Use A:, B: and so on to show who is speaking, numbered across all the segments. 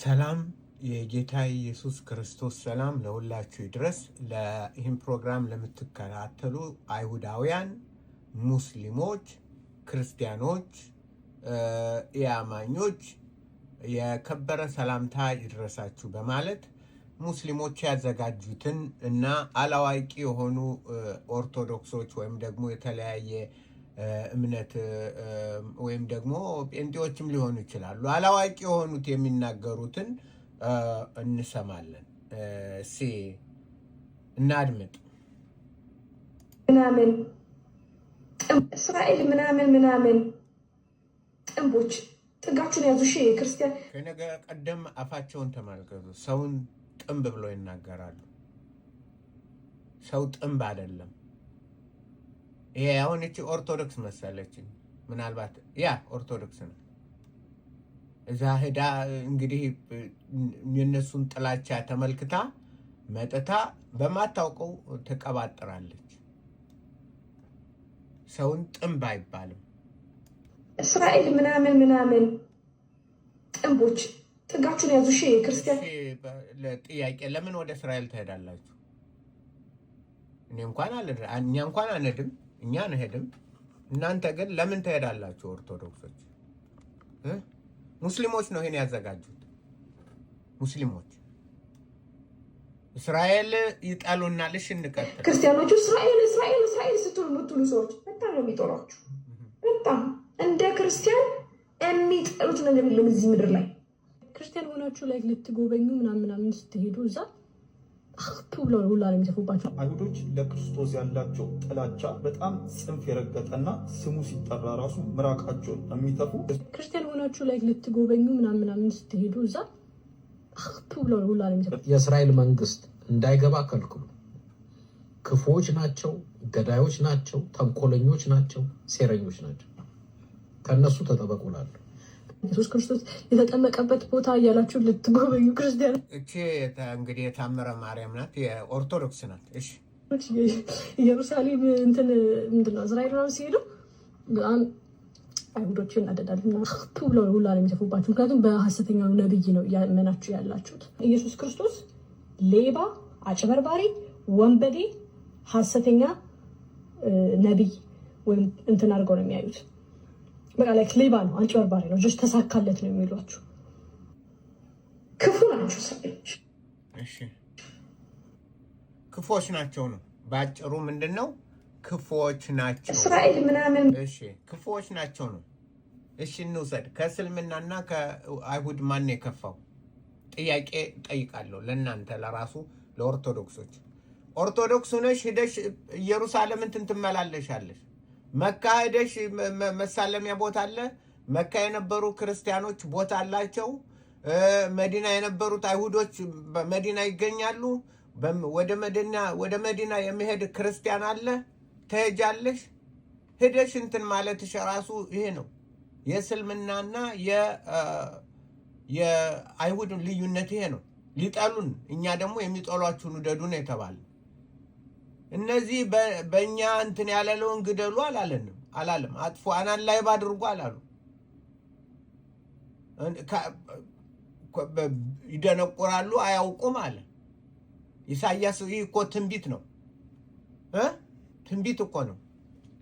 A: ሰላም የጌታ ኢየሱስ ክርስቶስ ሰላም ለሁላችሁ ይድረስ። ይህም ፕሮግራም ለምትከታተሉ አይሁዳውያን፣ ሙስሊሞች፣ ክርስቲያኖች፣ የአማኞች የከበረ ሰላምታ ይድረሳችሁ በማለት ሙስሊሞች ያዘጋጁትን እና አላዋቂ የሆኑ ኦርቶዶክሶች ወይም ደግሞ የተለያየ እምነት ወይም ደግሞ ጴንጤዎችም ሊሆኑ ይችላሉ። አላዋቂ የሆኑት የሚናገሩትን እንሰማለን። ሴ እናድምጥ።
B: ምናምን እስራኤል ምናምን ምናምን ጥንቦች ጥጋችሁን ያዙ። ሺ ክርስቲያን
A: ከነገ ቀደም አፋቸውን ተመልከቱ። ሰውን ጥንብ ብሎ ይናገራሉ። ሰው ጥንብ አይደለም። ይሄ አሁን እቺ ኦርቶዶክስ መሰለች። ምናልባት ያ ኦርቶዶክስ ነው። እዛ ሄዳ እንግዲህ የነሱን ጥላቻ ተመልክታ መጥታ በማታውቀው ተቀባጥራለች። ሰውን ጥንብ አይባልም።
B: እስራኤል ምናምን ምናምን ጥንቦች ጥጋችሁን ያዙ። እሺ ክርስቲያን
A: ጥያቄ ለምን ወደ እስራኤል ትሄዳላችሁ? እኔ እንኳን እኛ እንኳን አነድም እኛ አንሄድም። እናንተ ግን ለምን ትሄዳላችሁ? ኦርቶዶክሶች ሙስሊሞች ነው ይሄን ያዘጋጁት። ሙስሊሞች እስራኤል ይጠሉናል። እሺ እንቀጥል።
B: ክርስቲያኖቹ እስራኤል እስራኤል እስራኤል ስትሉ የምትሉ ሰዎች በጣም ነው የሚጦሯችሁ። በጣም እንደ ክርስቲያን የሚጠሉት ነገር የለም እዚህ ምድር ላይ ክርስቲያን ሆናችሁ ላይ ልትጎበኙ ምናምን ምናምን ስትሄዱ እዛ ብለው ሁላ የሚሰፉባቸው
A: አይሁዶች ለክርስቶስ ያላቸው ጥላቻ በጣም ጽንፍ የረገጠና ስሙ ሲጠራ ራሱ ምራቃቸውን የሚተፉ
B: ክርስቲያን ሆናችሁ ላይ ልትጎበኙ ምናምን ምናምን ስትሄዱ እዛ ብለው ሁላ
A: የእስራኤል መንግስት እንዳይገባ ከልክሉ። ክፉዎች ናቸው፣ ገዳዮች ናቸው፣ ተንኮለኞች ናቸው፣ ሴረኞች ናቸው። ከእነሱ ተጠበቁላለሁ።
B: ኢየሱስ ክርስቶስ የተጠመቀበት ቦታ እያላችሁ ልትጎበኙ ክርስቲያን
A: እቺ እንግዲህ የታምረ ማርያም ናት፣ የኦርቶዶክስ ናት። እሺ
B: ኢየሩሳሌም እንትን ምንድን ነው እስራኤል ሲሄዱ በጣም አይሁዶች እናደዳል ና ቱ ብለው ሁላ ነው ምክንያቱም በሀሰተኛው ነብይ ነው እያመናችሁ ያላችሁት። ኢየሱስ ክርስቶስ ሌባ፣ አጭበርባሪ፣ ወንበዴ፣ ሀሰተኛ ነቢይ ወይም እንትን አድርገው ነው የሚያዩት። በቃ ላይክ ሌባ ነው፣ አጭበርባሪ ነው፣ ልጆች ተሳካለት ነው የሚሏችሁ። ክፉ ናቸው ሰዎች፣
A: ክፉዎች ናቸው ነው በአጭሩ። ምንድን ነው ክፉዎች ናቸው
B: እስራኤል ምናምን፣
A: ክፉዎች ናቸው ነው። እሺ እንውሰድ። ከእስልምናና ከአይሁድ ማን የከፋው? ጥያቄ ጠይቃለሁ ለእናንተ ለራሱ ለኦርቶዶክሶች። ኦርቶዶክስ ሆነሽ ሂደሽ ኢየሩሳሌምን ትንትመላለሻለሽ መካ ሄደሽ መሳለሚያ ቦታ አለ። መካ የነበሩ ክርስቲያኖች ቦታ አላቸው። መዲና የነበሩት አይሁዶች መዲና ይገኛሉ። ወደ መዲና የሚሄድ ክርስቲያን አለ። ትሄጃለሽ። ሄደሽ እንትን ማለትሽ ራሱ ይሄ ነው የእስልምናና የአይሁድ ልዩነት ይሄ ነው። ሊጠሉን፣ እኛ ደግሞ የሚጠሏችሁን ውደዱ ነው የተባለ እነዚህ በእኛ እንትን ያለለውን ግደሉ አላለንም አላለም። አጥፎ አናን ላይ ባድርጎ አላሉ። ይደነቁራሉ፣ አያውቁም አለ ኢሳያስ። ይህ እኮ ትንቢት ነው፣ ትንቢት እኮ ነው።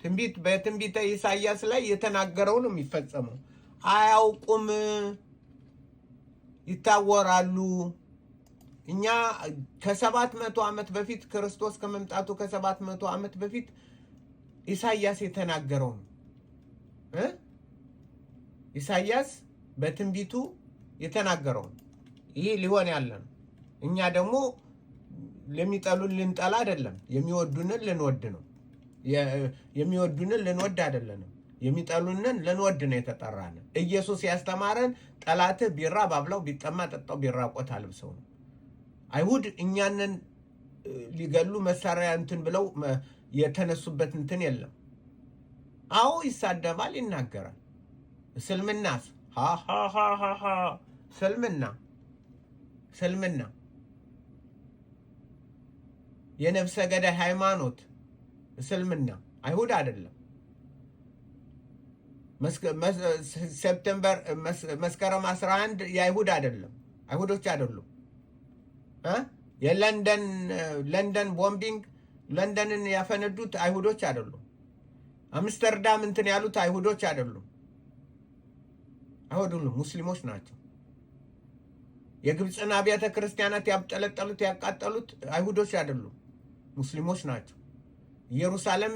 A: ትንቢት በትንቢተ ኢሳያስ ላይ የተናገረው ነው የሚፈጸመው። አያውቁም፣ ይታወራሉ እኛ ከሰባት መቶ ዓመት በፊት ክርስቶስ ከመምጣቱ ከሰባት መቶ ዓመት በፊት ኢሳያስ የተናገረው ኢሳያስ በትንቢቱ የተናገረው ይሄ ይህ ሊሆን ያለ ነው። እኛ ደግሞ ለሚጠሉን ልንጠላ አይደለም፣ የሚወዱንን ልንወድ ነው። የሚወዱንን ልንወድ አይደለንም፣ የሚጠሉንን ልንወድ ነው የተጠራን። ኢየሱስ ያስተማረን ጠላትህ ቢራብ አብላው፣ ቢጠማ ጠጣው፣ ቢራቆት አልብሰው ነው። አይሁድ እኛንን ሊገሉ መሳሪያ እንትን ብለው የተነሱበት እንትን የለም። አዎ ይሳደባል፣ ይናገራል። እስልምናስ ስልምና ስልምና የነፍሰ ገዳይ ሃይማኖት እስልምና አይሁድ አይደለም። ሴፕተምበር መስከረም 11 የአይሁድ አይደለም፣ አይሁዶች አይደሉም። የለንደን ለንደን ቦምቢንግ ለንደንን ያፈነዱት አይሁዶች አይደሉም። አምስተርዳም እንትን ያሉት አይሁዶች አይደሉም። አይሁዱም ሙስሊሞች ናቸው። የግብፅን አብያተ ክርስቲያናት ያብጠለጠሉት ያቃጠሉት አይሁዶች አይደሉም፣ ሙስሊሞች ናቸው። ኢየሩሳሌም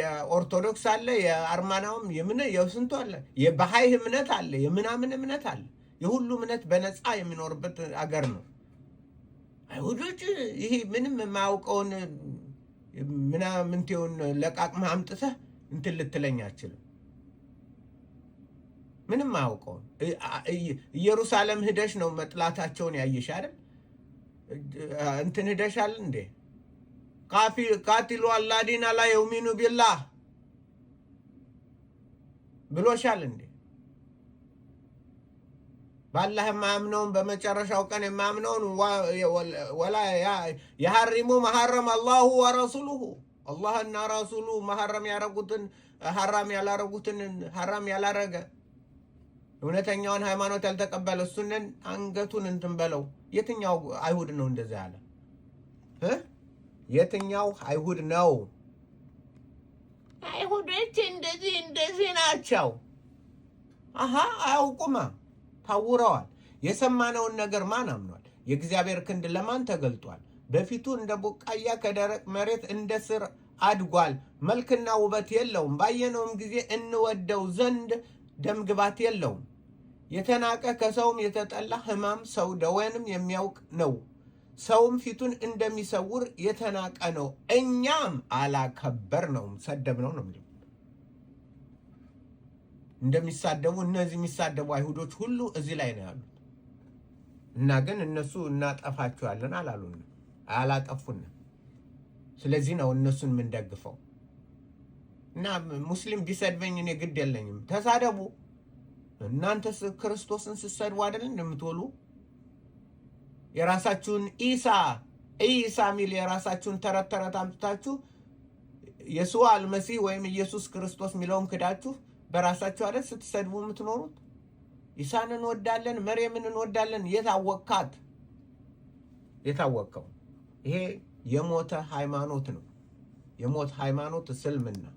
A: የኦርቶዶክስ አለ፣ የአርማናውም የምን የስንቱ አለ፣ የባሃይ እምነት አለ፣ የምናምን እምነት አለ። የሁሉ እምነት በነፃ የሚኖርበት አገር ነው። አይሁዶች ይሄ ምንም የማያውቀውን ምናምንቴውን ለቃቅመህ አምጥተህ እንትን ልትለኝ አችልም። ምንም አያውቀውን ኢየሩሳሌም ሂደሽ ነው መጥላታቸውን ያየሽ አይደል? እንትን ሂደሻል እንዴ? ቃቲሉ አላዲና ላ የውሚኑ ቢላህ ብሎሻል እንዴ? ባላህ የማያምነውን በመጨረሻው ቀን የማያምነውን ወላ የሐሪሙ መሐረም አላሁ ወረሱሉሁ አላህና ረሱሉ መሐረም ያረጉትን ሐራም ያላረጉትን ሐራም ያላረገ እውነተኛውን ሃይማኖት ያልተቀበለ እሱንን አንገቱን እንትን በለው። የትኛው አይሁድ ነው እንደዚያ ያለ? የትኛው አይሁድ ነው? አይሁዶች እንደዚህ እንደዚህ ናቸው። አሀ አያውቁማ ታውረዋል። የሰማነውን ነገር ማን አምኗል? የእግዚአብሔር ክንድ ለማን ተገልጧል? በፊቱ እንደ ቡቃያ ከደረቅ መሬት እንደ ስር አድጓል። መልክና ውበት የለውም። ባየነውም ጊዜ እንወደው ዘንድ ደምግባት የለውም። የተናቀ ከሰውም የተጠላ ሕማም ሰው ደዌንም የሚያውቅ ነው። ሰውም ፊቱን እንደሚሰውር የተናቀ ነው። እኛም አላከበር ነው ሰደብ ነው ነው እንደሚሳደቡ እነዚህ የሚሳደቡ አይሁዶች ሁሉ እዚህ ላይ ነው ያሉት። እና ግን እነሱ እናጠፋችኋለን አላሉን፣ አላጠፉንም። ስለዚህ ነው እነሱን የምንደግፈው። እና ሙስሊም ቢሰድበኝ እኔ ግድ የለኝም። ተሳደቡ፣ እናንተ ክርስቶስን ስትሰድቡ አይደል እንደምትወሉ የራሳችሁን ኢሳ ኢሳ ሚል የራሳችሁን ተረት ተረት አምጥታችሁ የሱ አልመሲህ ወይም ኢየሱስ ክርስቶስ የሚለውን ክዳችሁ በራሳችሁ አይደል ስትሰድቡ የምትኖሩት? ኢሳን እንወዳለን፣ መርየምን እንወዳለን። የታወቅካት የታወቅከው ይሄ የሞተ ሃይማኖት ነው። የሞት ሃይማኖት እስልምና